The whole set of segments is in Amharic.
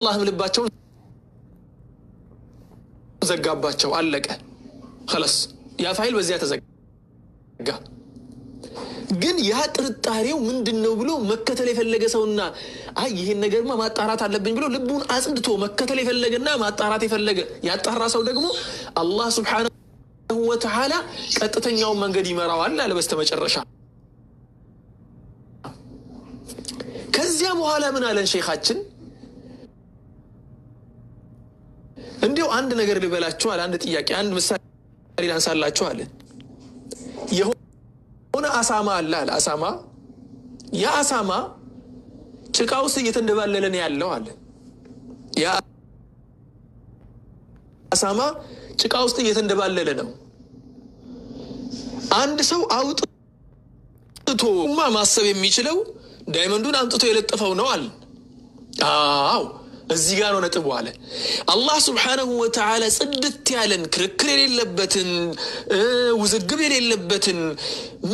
አላህም ልባቸውን ዘጋባቸው። አለቀ ለስ ያ ፋይል በዚያ ተዘጋ። ግን ያ ጥርጣሬው ምንድን ነው ብሎ መከተል የፈለገ ሰውና አይ ይህን ነገርማ ማጣራት አለብኝ ብሎ ልቡን አጽድቶ መከተል የፈለገና ማጣራት የፈለገ ያጣራ ሰው ደግሞ አላህ ሱብሓነሁ ወተዓላ ቀጥተኛውን መንገድ ይመራዋል አለ በስተመጨረሻ። ከዚያ በኋላ ምን አለን ሼኻችን? እንዲሁ አንድ ነገር ልበላችኋል። አንድ ጥያቄ፣ አንድ ምሳሌ ላንሳላችኋል። የሆነ አሳማ አለ አለ አሳማ ያ አሳማ ጭቃ ውስጥ እየተንደባለለ ነው ያለው አለ። ያ አሳማ ጭቃ ውስጥ እየተንደባለለ ነው። አንድ ሰው አውጥቶማ ማሰብ የሚችለው ዳይመንዱን አምጥቶ የለጠፈው ነው አለ። አዎ እዚህ ጋር ነው ነጥቡ አለ አላህ ስብሓነሁ ወተዓላ ጽድት ያለን ክርክር የሌለበትን ውዝግብ የሌለበትን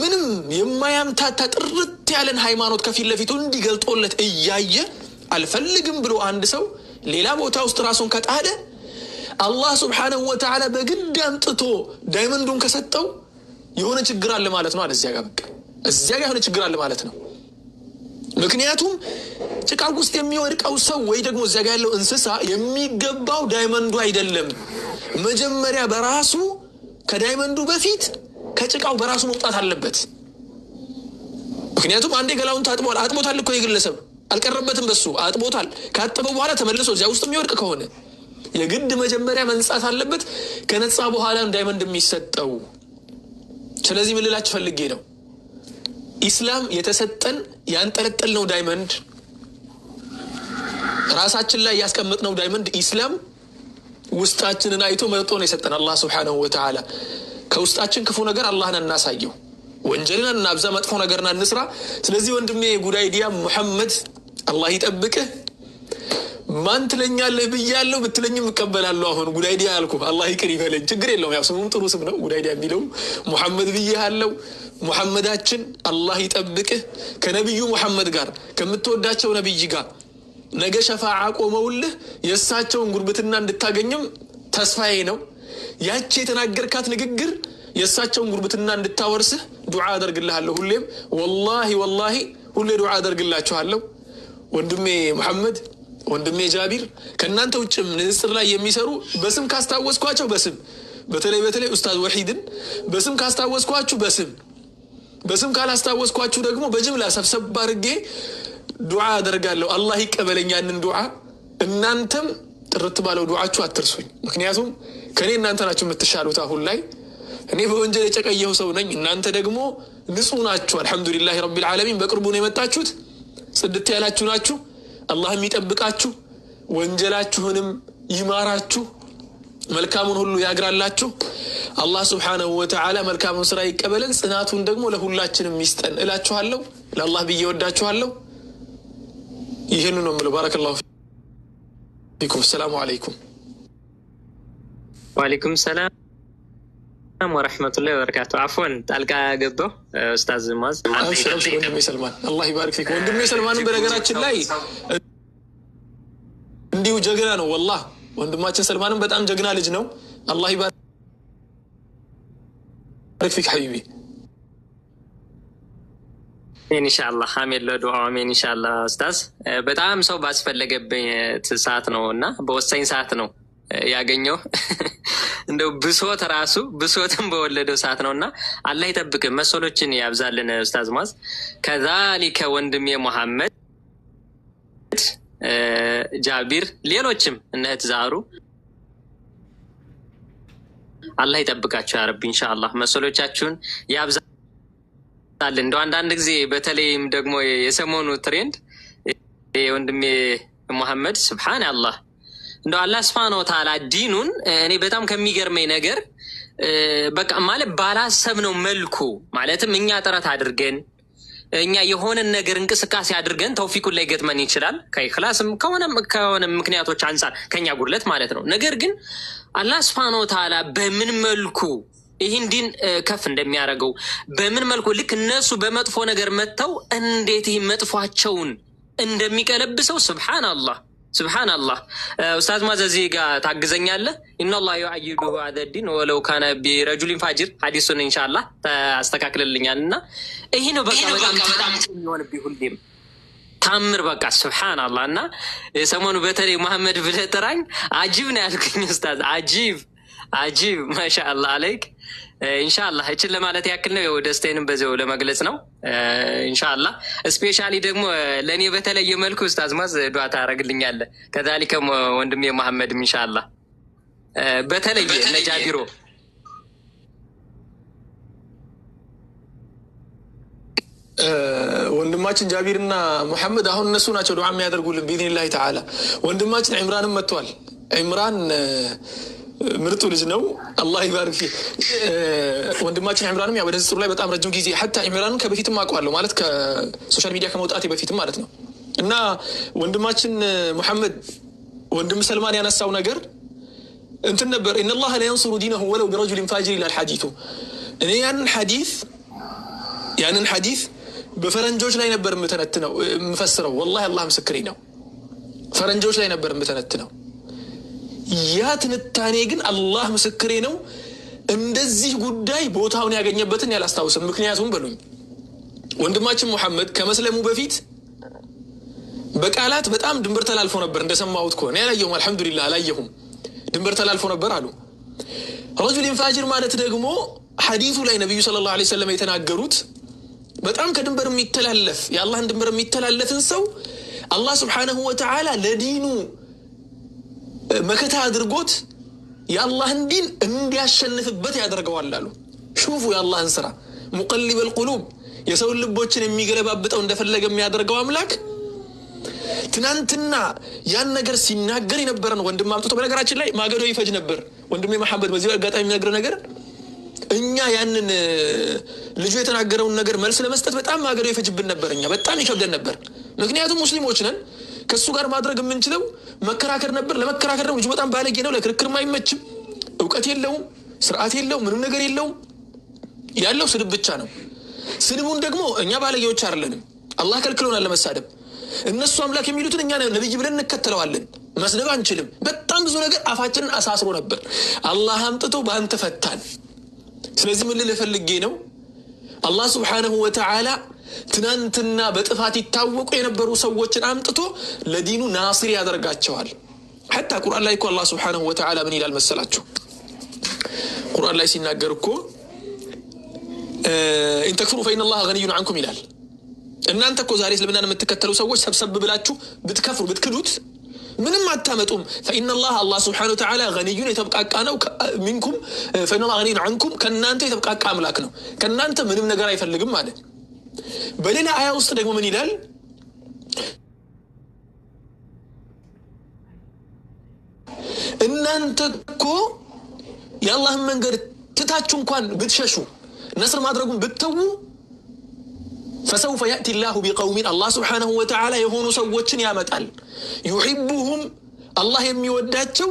ምንም የማያምታታ ጥርት ያለን ሃይማኖት ከፊት ለፊቱ እንዲገልጦለት እያየ አልፈልግም ብሎ አንድ ሰው ሌላ ቦታ ውስጥ ራሱን ከጣደ አላህ ስብሓነሁ ወተዓላ በግድ አምጥቶ ዳይመንዱን ከሰጠው የሆነ ችግር አለ ማለት ነው አለ እዚያ ጋር በቃ እዚያ ጋር የሆነ ችግር አለ ማለት ነው ምክንያቱም ጭቃ ውስጥ የሚወድቀው ሰው ወይ ደግሞ እዚያ ጋ ያለው እንስሳ የሚገባው ዳይመንዱ አይደለም። መጀመሪያ በራሱ ከዳይመንዱ በፊት ከጭቃው በራሱ መውጣት አለበት። ምክንያቱም አንዴ ገላውን ታጥቧል። አጥቦታል እኮ የግለሰብ አልቀረበትም፣ በሱ አጥቦታል። ካጠበ በኋላ ተመልሶ እዚያ ውስጥ የሚወድቅ ከሆነ የግድ መጀመሪያ መንጻት አለበት። ከነጻ በኋላ ዳይመንድ የሚሰጠው። ስለዚህ ምን ፈልጌ ነው ኢስላም የተሰጠን ያንጠለጠልነው ዳይመንድ ራሳችን ላይ ነው ዳይመንድ ኢስላም ውስጣችንን አይቶ መርጦ ነው የሰጠን አላህ ስብሓነሁ ወተዓላ። ከውስጣችን ክፉ ነገር አላህን እናሳየው ወንጀልን እናብዛ መጥፎ ነገርን እንስራ ስለዚህ ወንድሜ ጉዳይ ዲያ ሙሐመድ አላህ ይጠብቅህ። ማን ትለኛለህ ብያለሁ፣ ብትለኝም እቀበላለሁ። አሁን ጉዳይ ዲያ አልኩህ፣ አላህ ይቅር ይበለኝ። ችግር የለውም ያው ስሙም ጥሩ ስም ነው፣ ጉዳይ ዲያ የሚለው ሙሐመድ ብዬህ አለው ሙሐመዳችን አላህ ይጠብቅህ ከነቢዩ ሙሐመድ ጋር ከምትወዳቸው ነቢይ ጋር ነገ ሸፋዓ ቆመውልህ የእሳቸውን ጉርብትና እንድታገኝም ተስፋዬ ነው። ያቺ የተናገርካት ንግግር የእሳቸውን ጉርብትና እንድታወርስህ ዱዓ አደርግልሃለሁ። ሁሌም ወላሂ ወላሂ ሁሌ ዱዓ አደርግላችኋለሁ። ወንድሜ ሙሐመድ፣ ወንድሜ ጃቢር ከእናንተ ውጭም ንፅር ላይ የሚሰሩ በስም ካስታወስኳቸው በስም በተለይ በተለይ ኡስታዝ ወሒድን በስም ካስታወስኳችሁ በስም በስም ካላስታወስኳችሁ ደግሞ በጅምላ ሰብሰብ አድርጌ ዱዓ አደርጋለሁ። አላህ ይቀበለኝ ያንን ዱዓ። እናንተም ጥርት ባለው ዱዓችሁ አትርሱኝ። ምክንያቱም ከእኔ እናንተ ናችሁ የምትሻሉት። አሁን ላይ እኔ በወንጀል የጨቀየው ሰው ነኝ፣ እናንተ ደግሞ ንጹህ ናችሁ። አልሐምዱሊላህ ረቢል ዓለሚን። በቅርቡ ነው የመጣችሁት፣ ጽድት ያላችሁ ናችሁ። አላህም ይጠብቃችሁ፣ ወንጀላችሁንም ይማራችሁ፣ መልካሙን ሁሉ ያግራላችሁ። አላህ ስብሓነሁ ወተዓላ መልካምን ስራ ይቀበለን፣ ጽናቱን ደግሞ ለሁላችንም ይስጠን እላችኋለሁ። ለአላህ ብዬ ወዳችኋለሁ። ይህን ነው የምለው። ባረከላሁ ፊኩም። ሰላሙ አለይኩም። ዋሌኩም ሰላም ወረሕመቱላሂ ወበረካቱ። አፎን ጣልቃ ገባሁ ኡስታዝ ማዝ ወንድሜ ሰልማን አላህ ይባርክ ፊኩም። ወንድሜ ሰልማንም በነገራችን ላይ እንዲሁ ጀግና ነው። ወላሂ ወንድማችን ሰልማንም በጣም ጀግና ልጅ ነው። አላህ ይባርክ بارك فيك حبيبي ሜን ኢንሻላ ሀሜድ ለዱዓ አሜን። ኢንሻላ ስታዝ በጣም ሰው ባስፈለገብኝ ሰዓት ነው እና በወሳኝ ሰዓት ነው ያገኘው። እንደው ብሶት ራሱ ብሶትን በወለደው ሰዓት ነው እና አላህ ይጠብቅ፣ መሰሎችን ያብዛልን። ስታዝ ማዝ ከዛሊከ ወንድሜ ሙሐመድ ጃቢር፣ ሌሎችም እነህት ዛሩ አላህ ይጠብቃቸው ያረብ። ኢንሻአላህ መሰሎቻችሁን ያብዛል። እንደው አንዳንድ ጊዜ በተለይም ደግሞ የሰሞኑ ትሬንድ ወንድሜ መሐመድ ስብሓን አላህ እንደ አላህ ስብሓን ወተዓላ ዲኑን እኔ በጣም ከሚገርመኝ ነገር በቃ ማለት ባላሰብ ነው መልኩ ማለትም እኛ ጥረት አድርገን እኛ የሆነን ነገር እንቅስቃሴ አድርገን ተውፊቁን ላይ ገጥመን ይችላል ከኢክላስም ከሆነ ከሆነ ምክንያቶች አንጻር ከኛ ጉድለት ማለት ነው። ነገር ግን አላህ ስብሃነ ወተዓላ በምን መልኩ ይህን ዲን ከፍ እንደሚያደርገው በምን መልኩ ልክ እነሱ በመጥፎ ነገር መጥተው እንዴት ይህ መጥፏቸውን እንደሚቀለብሰው ስብሓን አላህ ስብሓን አላህ ኡስታዝ ማዝ እዚህ ጋር ታግዘኛለህ። ኢናላ ዩዓይዱሁ አዘዲን ወለው ካነ ቢረጁሊን ፋጅር ሀዲሱን እንሻላ ታስተካክልልኛል እና ይህ ነው በቃ በጣም ሆንብኝ ሁሌም ታምር በቃ ስብሓን አላህ እና ሰሞኑ በተለይ መሐመድ ብለህ ጥራኝ አጂብ ነው ያልኩኝ ኡስታዝ አጂብ አጂብ ማሻአላ አለይክ እንሻላ እችን ለማለት ያክል ነው። የው ደስታዬንም በዚው ለመግለጽ ነው። እንሻላ ስፔሻሊ ደግሞ ለእኔ በተለየ መልኩ ኡስታዝ ማዝ ዱዓ ታደርግልኛለህ። ከዛሊከም ወንድሜ መሐመድም እንሻላ በተለየ ነጃቢሮ ወንድማችን ጃቢርና መሐመድ አሁን እነሱ ናቸው ዱዓ የሚያደርጉልን ቢኢዝኒላህ ተዓላ። ወንድማችን ዕምራንም መጥቷል። ዕምራን ምርጡ ልጅ ነው። አላህ ይባርክ። ወንድማችን ዕምራንም ያው ወደዚህ ላይ በጣም ረጅም ጊዜ ሀታ ዕምራንን ከበፊትም አውቀዋለሁ ማለት ከሶሻል ሚዲያ ከመውጣቴ በፊትም ማለት ነው። እና ወንድማችን ሙሐመድ ወንድም ሰልማን ያነሳው ነገር እንትን ነበር። ኢነላህ ለየንሱሩ ዲነሁ ወለው ቢረጁሊን ፋጅር ይላል ሐዲቱ። እኔ ያንን ሐዲስ ያንን ሐዲስ በፈረንጆች ላይ ነበር የምተነትነው የምፈስረው። ወላሂ አላህ ምስክሬ ነው። ፈረንጆች ላይ ነበር የምተነትነው ያ ትንታኔ ግን አላህ ምስክሬ ነው እንደዚህ ጉዳይ ቦታውን ያገኘበትን ያላስታውስም። ምክንያቱም በሉኝ ወንድማችን ሙሐመድ ከመስለሙ በፊት በቃላት በጣም ድንበር ተላልፎ ነበር። እንደሰማሁት ከሆነ ያላየሁም፣ አልሐምዱሊላ አላየሁም። ድንበር ተላልፎ ነበር አሉ። ረጁልን ፋጅር ማለት ደግሞ ሐዲቱ ላይ ነቢዩ ሰለላሁ ዐለይሂ ወሰለም የተናገሩት በጣም ከድንበር የሚተላለፍ የአላህን ድንበር የሚተላለፍን ሰው አላህ ስብሓነሁ ወተዓላ ለዲኑ መከታ አድርጎት የአላህን ዲን እንዲያሸንፍበት ያደርገዋል አሉ። ሹፉ የአላህን ስራ ሙቀሊብ ልቁሉብ የሰውን ልቦችን የሚገለባብጠው እንደፈለገ የሚያደርገው አምላክ ትናንትና ያን ነገር ሲናገር የነበረን ወንድም አምጥቶ በነገራችን ላይ ማገዶ ይፈጅ ነበር ወንድም መሐመድ በዚህ አጋጣሚ የሚነግር ነገር እኛ ያንን ልጁ የተናገረውን ነገር መልስ ለመስጠት በጣም ማገዶ ይፈጅብን ነበር። እኛ በጣም ይከብደን ነበር። ምክንያቱም ሙስሊሞች ነን ከእሱ ጋር ማድረግ የምንችለው መከራከር ነበር። ለመከራከር ነው። ልጁ በጣም ባለጌ ነው። ለክርክርም አይመችም። እውቀት የለውም፣ ስርዓት የለውም፣ ምንም ነገር የለውም። ያለው ስድብ ብቻ ነው። ስድቡን ደግሞ እኛ ባለጌዎች አይደለንም። አላህ ከልክሎናል ለመሳደብ። እነሱ አምላክ የሚሉትን እኛ ነብይ ብለን እንከተለዋለን። መስደብ አንችልም። በጣም ብዙ ነገር አፋችንን አሳስሮ ነበር። አላህ አምጥቶ በአንተ ፈታን። ስለዚህ ምን ልል ፈልጌ ነው አላህ ስብሓነሁ ወተዓላ ትናንትና በጥፋት ይታወቁ የነበሩ ሰዎችን አምጥቶ ለዲኑ ናስር ያደርጋቸዋል። ሐታ ቁርአን ላይ እኮ አላህ ስብሓነሁ ወተዓላ ምን ይላል መሰላችሁ? ቁርአን ላይ ሲናገር እኮ ኢንተክፍሩ ፈኢነ ገኒዩን አንኩም ይላል። እናንተ እኮ ዛሬ እስልምናን የምትከተሉ ሰዎች ሰብሰብ ብላችሁ ብትከፍሩ ብትክዱት ምንም አታመጡም። ፈኢነ ላህ አላህ ስብሓነሁ ወተዓላ ገኒዩን የተብቃቃ ነው ሚንኩም ፈኢነ ገኒዩን አንኩም ከእናንተ የተብቃቃ አምላክ ነው። ከእናንተ ምንም ነገር አይፈልግም ማለት በሌላ አያ ውስጥ ደግሞ ምን ይላል? እናንተ እኮ የአላህን መንገድ ትታችሁ እንኳን ብትሸሹ ነስር ማድረጉን ብትተዉ ፈሰውፈ ያእቲ ላሁ ቢቀውሚን አላህ ስብሓነሁ ወተዓላ የሆኑ ሰዎችን ያመጣል። ዩሒቡሁም አላህ የሚወዳቸው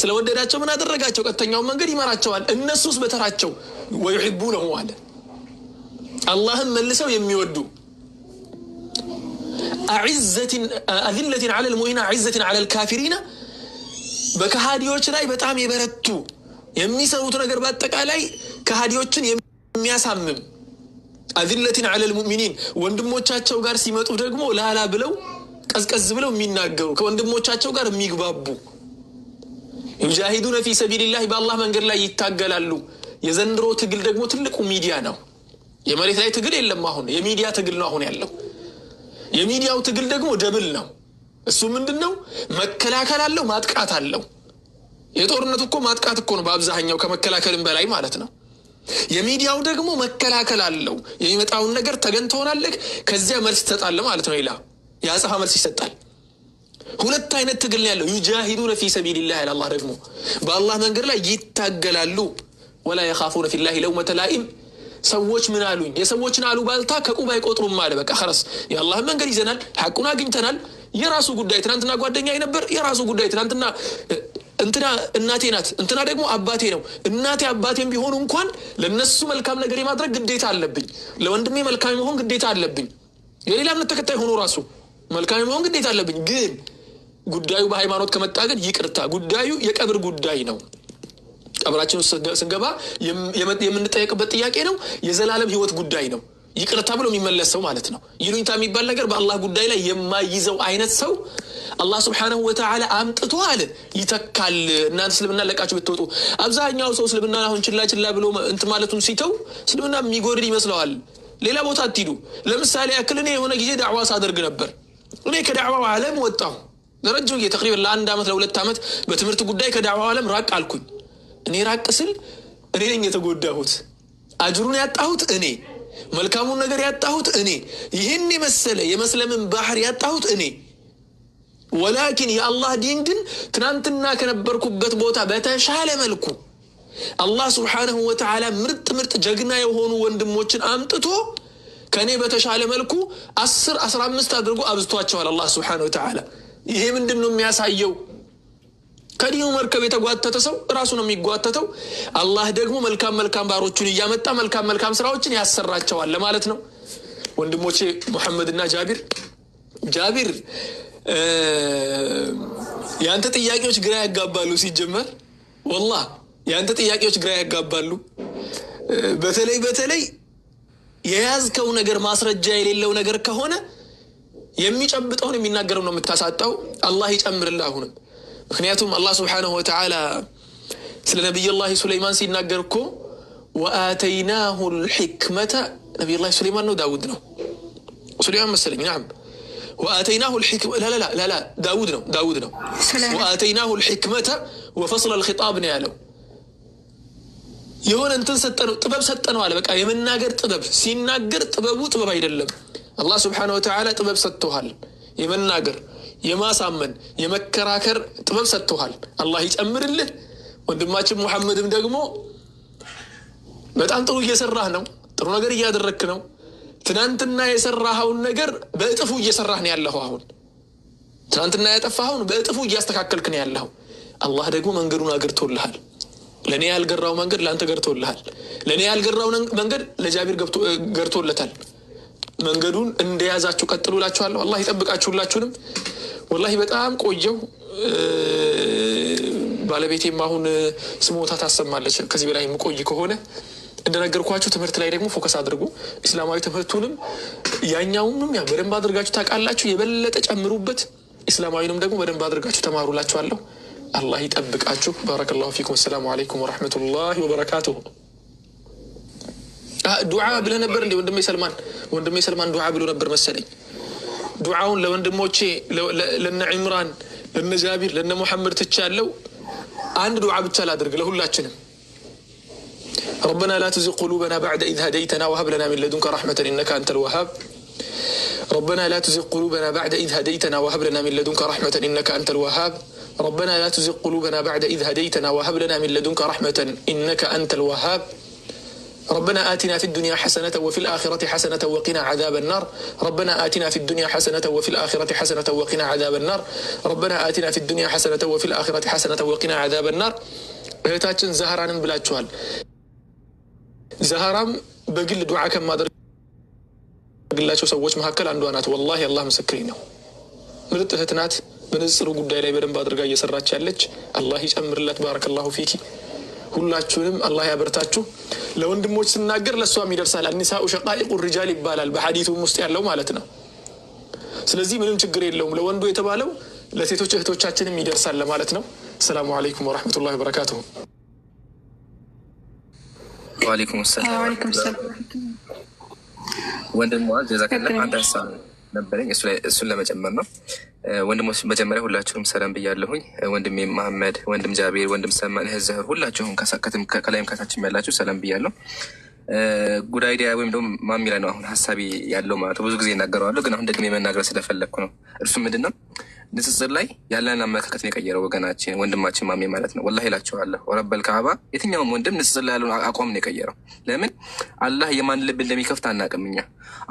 ስለወደዳቸው ምን አደረጋቸው? ቀጥተኛውን መንገድ ይመራቸዋል። እነሱስ በተራቸው ወዩሒቡነሁ አለ አላህን መልሰው የሚወዱ አዝለትን አለል ሙእሚና አዝዘትን አለል ካፊሪና በከሃዲዎች ላይ በጣም የበረቱ የሚሰሩት ነገር በአጠቃላይ ከሃዲዎችን የሚያሳምም አዝለትን አለል ሙእሚኒን ወንድሞቻቸው ጋር ሲመጡ ደግሞ ላላ ብለው ቀዝቀዝ ብለው የሚናገሩ ከወንድሞቻቸው ጋር የሚግባቡ ዩጃሂዱነ ፊ ሰቢልላህ በአላህ መንገድ ላይ ይታገላሉ። የዘንድሮ ትግል ደግሞ ትልቁ ሚዲያ ነው። የመሬት ላይ ትግል የለም። አሁን የሚዲያ ትግል ነው አሁን ያለው። የሚዲያው ትግል ደግሞ ደብል ነው። እሱ ምንድን ነው? መከላከል አለው፣ ማጥቃት አለው። የጦርነቱ እኮ ማጥቃት እኮ ነው በአብዛኛው ከመከላከልም በላይ ማለት ነው። የሚዲያው ደግሞ መከላከል አለው። የሚመጣውን ነገር ተገን ትሆናለህ፣ ከዚያ መልስ ይሰጣል ማለት ነው። ሌላ የአጸፋ መልስ ይሰጣል። ሁለት አይነት ትግል ያለው። ዩጃሂዱነ ፊ ሰቢልላህ አላህ ደግሞ በአላህ መንገድ ላይ ይታገላሉ። ወላ የኻፉነ ፊላሂ ለውመተ ላኢም ሰዎች ምን አሉኝ የሰዎችን ባልታ ከቁብ አይቆጥሩም አለ በቃ ረስ የአላህን መንገድ ይዘናል ሐቁን አግኝተናል የራሱ ጉዳይ ትናንትና ጓደኛ ነበር የራሱ ጉዳይ ትናንትና እንትና እናቴ ናት እንትና ደግሞ አባቴ ነው እናቴ አባቴም ቢሆኑ እንኳን ለነሱ መልካም ነገር የማድረግ ግዴታ አለብኝ ለወንድሜ መልካም የመሆን ግዴታ አለብኝ የሌላ እምነት ተከታይ ሆኖ ራሱ መልካም የመሆን ግዴታ አለብኝ ግን ጉዳዩ በሃይማኖት ከመጣ ግን ይቅርታ ጉዳዩ የቀብር ጉዳይ ነው ቀብራችን ስንገባ የምንጠየቅበት ጥያቄ ነው። የዘላለም ህይወት ጉዳይ ነው። ይቅርታ ብሎ የሚመለስ ሰው ማለት ነው። ይሉኝታ የሚባል ነገር በአላህ ጉዳይ ላይ የማይዘው አይነት ሰው አላህ ስብሓነሁ ወተዓላ አምጥቶ አለ ይተካል። እናንተ እስልምና ለቃችሁ ብትወጡ። አብዛኛው ሰው እስልምና አሁን ችላ ችላ ብሎ እንት ማለቱን ሲተው እስልምና የሚጎድል ይመስለዋል። ሌላ ቦታ አትሂዱ። ለምሳሌ ያክል እኔ የሆነ ጊዜ ዳዕዋ ሳደርግ ነበር። እኔ ከዳዕዋው ዓለም ወጣሁ ለረጅም ጊዜ ተቅሪበን ለአንድ ዓመት ለሁለት ዓመት በትምህርት ጉዳይ ከዳዕዋው ዓለም ራቅ አልኩኝ። እኔ ራቅ ስል እኔ ነኝ የተጎዳሁት፣ አጅሩን ያጣሁት እኔ፣ መልካሙን ነገር ያጣሁት እኔ፣ ይህን የመሰለ የመስለምን ባህር ያጣሁት እኔ። ወላኪን የአላህ ዲን ግን ትናንትና ከነበርኩበት ቦታ በተሻለ መልኩ አላህ ስብሓነሁ ወተዓላ ምርጥ ምርጥ ጀግና የሆኑ ወንድሞችን አምጥቶ ከእኔ በተሻለ መልኩ አስር አስራ አምስት አድርጎ አብዝቷቸዋል አላህ ስብሓነሁ ወተዓላ። ይሄ ምንድን ነው የሚያሳየው? ከዲኑ መርከብ የተጓተተ ሰው ራሱ ነው የሚጓተተው። አላህ ደግሞ መልካም መልካም ባሮቹን እያመጣ መልካም መልካም ስራዎችን ያሰራቸዋል ለማለት ነው። ወንድሞቼ ሙሐመድና ጃቢር ጃቢር የአንተ ጥያቄዎች ግራ ያጋባሉ። ሲጀመር ወላ የአንተ ጥያቄዎች ግራ ያጋባሉ። በተለይ በተለይ የያዝከው ነገር ማስረጃ የሌለው ነገር ከሆነ የሚጨብጠውን የሚናገረው ነው የምታሳጣው። አላህ ይጨምርልህ አሁንም مخنياتهم الله سبحانه وتعالى سل نبي الله سليمان سيدنا قركو وآتيناه الحكمة نبي الله سليمان نو داود نو سليمان مسلم نعم وآتيناه الحكمة لا لا لا لا لا داود نو داود نو سلام. وآتيناه الحكمة وفصل الخطاب نيالو يهون انتن ستنو طبب ستنو على بك ايمن ناقر طبب سين ناقر طببو طبب ايدلم الله سبحانه وتعالى طبب ستوهال يمن ناقر የማሳመን የመከራከር ጥበብ ሰጥተሃል። አላህ ይጨምርልህ። ወንድማችን ሙሐመድም ደግሞ በጣም ጥሩ እየሰራህ ነው፣ ጥሩ ነገር እያደረክ ነው። ትናንትና የሰራኸውን ነገር በእጥፉ እየሰራህ ነው ያለሁ። አሁን ትናንትና ያጠፋኸውን በእጥፉ እያስተካከልክ ነው ያለሁ። አላህ ደግሞ መንገዱን አገርቶልሃል። ለእኔ ያልገራው መንገድ ለአንተ ገርቶልሃል። ለእኔ ያልገራው መንገድ ለጃቢር ገርቶለታል። መንገዱን እንደያዛችሁ ቀጥሉላችኋለሁ። እላችኋለሁ። አላህ ይጠብቃችሁላችሁንም። ወላሂ በጣም ቆየው። ባለቤቴም አሁን ስሞታ ታሰማለች። ከዚህ በላይ የምቆይ ከሆነ እንደነገርኳችሁ ትምህርት ላይ ደግሞ ፎከስ አድርጉ። ኢስላማዊ ትምህርቱንም ያኛውንም ያ በደንብ አድርጋችሁ ታውቃላችሁ። የበለጠ ጨምሩበት። ኢስላማዊንም ደግሞ በደንብ አድርጋችሁ ተማሩላችኋለሁ። አላህ ይጠብቃችሁ። ባረከላሁ ፊኩም። አሰላሙ አለይኩም ወረሕመቱላሂ ወበረካቱሁ። ዱዓ ብለህ ነበር እንደ ወንድሜ ሰልማን ወንድሜ ሰልማን ዱዓ ብሎ ነበር መሰለኝ። دعاون لو عند لوندموتشي لنا عمران لنا جابر لنا محمد تشالو عند دعاء بتشال ادرك لهلا تشنم ربنا لا تزغ قلوبنا بعد اذ هديتنا وهب لنا من لدنك رحمه انك انت الوهاب ربنا لا تزغ قلوبنا بعد اذ هديتنا وهب لنا من لدنك رحمه انك انت الوهاب ربنا لا تزغ قلوبنا بعد اذ هديتنا وهب لنا من لدنك رحمه انك انت الوهاب ربنا آتنا في الدنيا حسنة وفي الآخرة حسنة وقنا عذاب النار ربنا آتنا في الدنيا حسنة وفي الآخرة حسنة وقنا عذاب النار ربنا آتنا في الدنيا حسنة وفي الآخرة حسنة وقنا عذاب النار እህታችን ዛህራንን ብላችኋል ዛህራም በግል ዱዓ ከማደርግላቸው ሰዎች መካከል አንዷ ናት ወላሂ አላህ ምስክሬ ነው ምርጥ እህት ናት በንጽሩ ጉዳይ ላይ በደንብ አድርጋ እየሰራች ያለች አላህ ይጨምርላት ባረከላሁ ፊኪ ሁላችሁንም አላህ ያበርታችሁ። ለወንድሞች ስናገር ለእሷም ይደርሳል። አኒሳ ሸቃኢቁ ሪጃል ይባላል በሐዲቱም ውስጥ ያለው ማለት ነው። ስለዚህ ምንም ችግር የለውም። ለወንዱ የተባለው ለሴቶች እህቶቻችንም ይደርሳል ለማለት ነው። አሰላሙ አለይኩም ወረሕመቱላሂ ወበረካቱሁ። ወአለይኩም ሰላም ወንድም ነበረኝ እሱን ለመጨመር ነው። ወንድሞች መጀመሪያ ሁላችሁም ሰላም ብያለሁኝ። ወንድሜ መሐመድ፣ ወንድም ጃቤር፣ ወንድም ሰማን፣ እህት ዘህር ሁላችሁም ከላይም ከታችም ያላችሁ ሰላም ብያለሁ። ጉድ አይዲያ ወይም ደግሞ ማሚ ላይ ነው አሁን ሀሳቢ ያለው ማለት ብዙ ጊዜ እናገረዋለሁ፣ ግን አሁን ደግሜ መናገር ስለፈለግኩ ነው። እርሱ ምንድን ነው ንጽጽር ላይ ያለን አመለካከትን የቀየረው ወገናችን ወንድማችን ማሜ ማለት ነው። ወላሂ እላችኋለሁ ረበል ካዕባ የትኛውም ወንድም ንጽጽር ላይ ያለውን አቋም ነው የቀየረው። ለምን አላህ የማን ልብ እንደሚከፍት አናቅምኛ።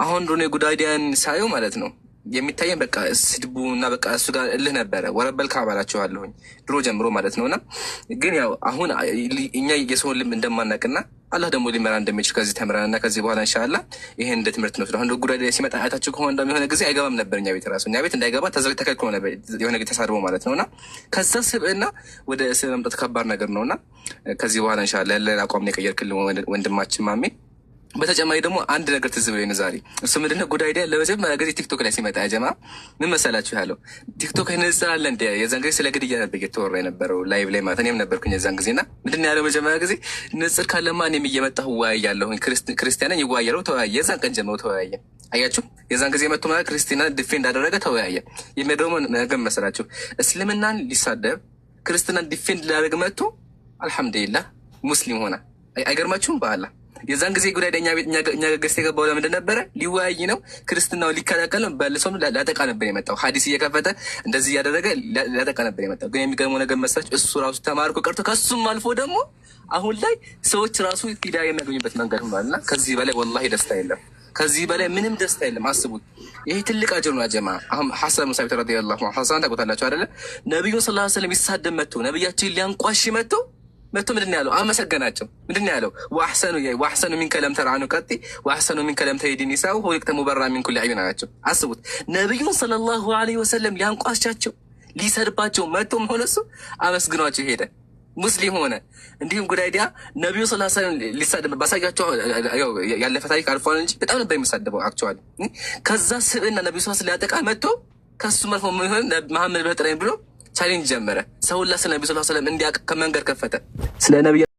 አሁን ዱኔ ጉዳዲያን ሳየው ማለት ነው የሚታየን በቃ ስድቡ እና በቃ እሱ ጋር እልህ ነበረ። ወረበልካ አባላችኋለሁኝ ድሮ ጀምሮ ማለት ነው። እና ግን ያው አሁን እኛ የሰውን ልብ እንደማናቅና አላህ ደግሞ ሊመራ እንደሚችል ከዚህ ተምረን እና ከዚህ በኋላ እንሻላ ይሄን እንደ ትምህርት ነው። ስለሁን ጉዳይ ላይ ሲመጣ አያታቸው ከሆነ እንደውም የሆነ ጊዜ አይገባም ነበር እኛ ቤት ራሱ እኛ ቤት እንዳይገባ ተከልክሎ ነበር የሆነ ጊዜ ተሳድቦ ማለት ነው። እና ከዛ ስብእና ወደ ስብ መምጣት ከባድ ነገር ነው። እና ከዚህ በኋላ እንሻላ ያለን አቋም ነው የቀየርክልን ወንድማችን ማሜ በተጨማሪ ደግሞ አንድ ነገር ትዝ ብሎኝ ነው ዛሬ። እሱ ምንድን ጉዳይ ዲያ ለመጀመሪያ ጊዜ ቲክቶክ ላይ ሲመጣ ያጀማ ምን መሰላችሁ ያለው ቲክቶክ ንጽር አለ እንደ የዛን ጊዜ ስለ ግድያ ነበር የተወራ የነበረው ላይቭ ላይ ማለት እኔም ነበርኩኝ የዛን ጊዜ እና ምንድን ያለው መጀመሪያ ጊዜ ንጽር ካለማ እኔም እየመጣሁ እወያያለሁኝ ክርስቲያንን ይወያያለው። ተወያየ፣ የዛን ቀን ጀምሮ ተወያየ። አያችሁ የዛን ጊዜ መቶ ማለት ክርስቲና ዲፌንድ እንዳደረገ ተወያየ። የሚያደግሞ ነገር መሰላችሁ እስልምናን ሊሳደብ ክርስትናን ዲፌንድ ላደርግ መጥቶ አልሐምዱሊላህ ሙስሊም ሆና አይገርማችሁም? በአላህ የዛን ጊዜ ጉዳይ ደኛ ቤት እኛ ገስት የገባው ለምንድን ነበረ? ሊወያይ ነው፣ ክርስትናው ሊከላከል ነው። በልሶም ላጠቃ ነበር የመጣው። ሀዲስ እየከፈተ እንደዚህ እያደረገ ላጠቃ ነበር የመጣው። ግን የሚገርመው ነገር መሰለች እሱ ራሱ ተማርኮ ቀርቶ ከሱም አልፎ ደግሞ አሁን ላይ ሰዎች ራሱ ሂዳ የሚያገኙበት መንገድ ሆኗል። እና ከዚህ በላይ ወላሂ ደስታ የለም። ከዚህ በላይ ምንም ደስታ የለም። አስቡት፣ ይሄ ትልቅ አጅር ነው። ጀማ አሁን ሐሰን ሙሳቢት ረዲየላሁ ሐሰን ታቆታላቸው አይደለ? ነቢዩን ስላ ስለም ይሳደብ መጥቶ ነቢያችን ሊያንቋሽ መጥቶ መቶ ምንድን ያለው አመሰገናቸው። ምንድን ያለው ዋሕሰኑ ዋሕሰኑ ሚን ከለም ተርዓኑ ቀጢ ዋሕሰኑ ሚን ከለም ተሂዲ ይሳው ሆይቅተ ሙበራ ሚን ኩል ዐይብ ናቸው። አስቡት ነቢዩን ሰለላሁ ዐለይሂ ወሰለም ሊያንቋሻቸው ሊሰድባቸው መቶ መሆነ እሱ አመስግኗቸው ሄደ ሙስሊም ሆነ። እንዲሁም ጉዳይ ዲያ ነቢዩ ስ ሰለም ሊሳደብ ባሳያቸው ያለፈ ታሪክ አልፏል እንጂ በጣም ነበር የሚሳደበው አክቸዋል። ከዛ ስብና ነቢዩ ስ ሊያጠቃ መጥቶ ከሱ መልፎ ሆን መሐመድ በጥረኝ ብሎ ቻሌንጅ ጀመረ። ሰውላ ስለ ነቢ ስ ስለም እንዲያቅ ከመንገድ ከፈተ ስለ ነቢያ